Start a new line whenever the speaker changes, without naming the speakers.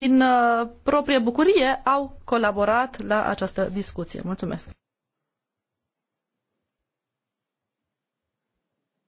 din uh, proprie bucurie au colaborat la această discuție. Mulțumesc!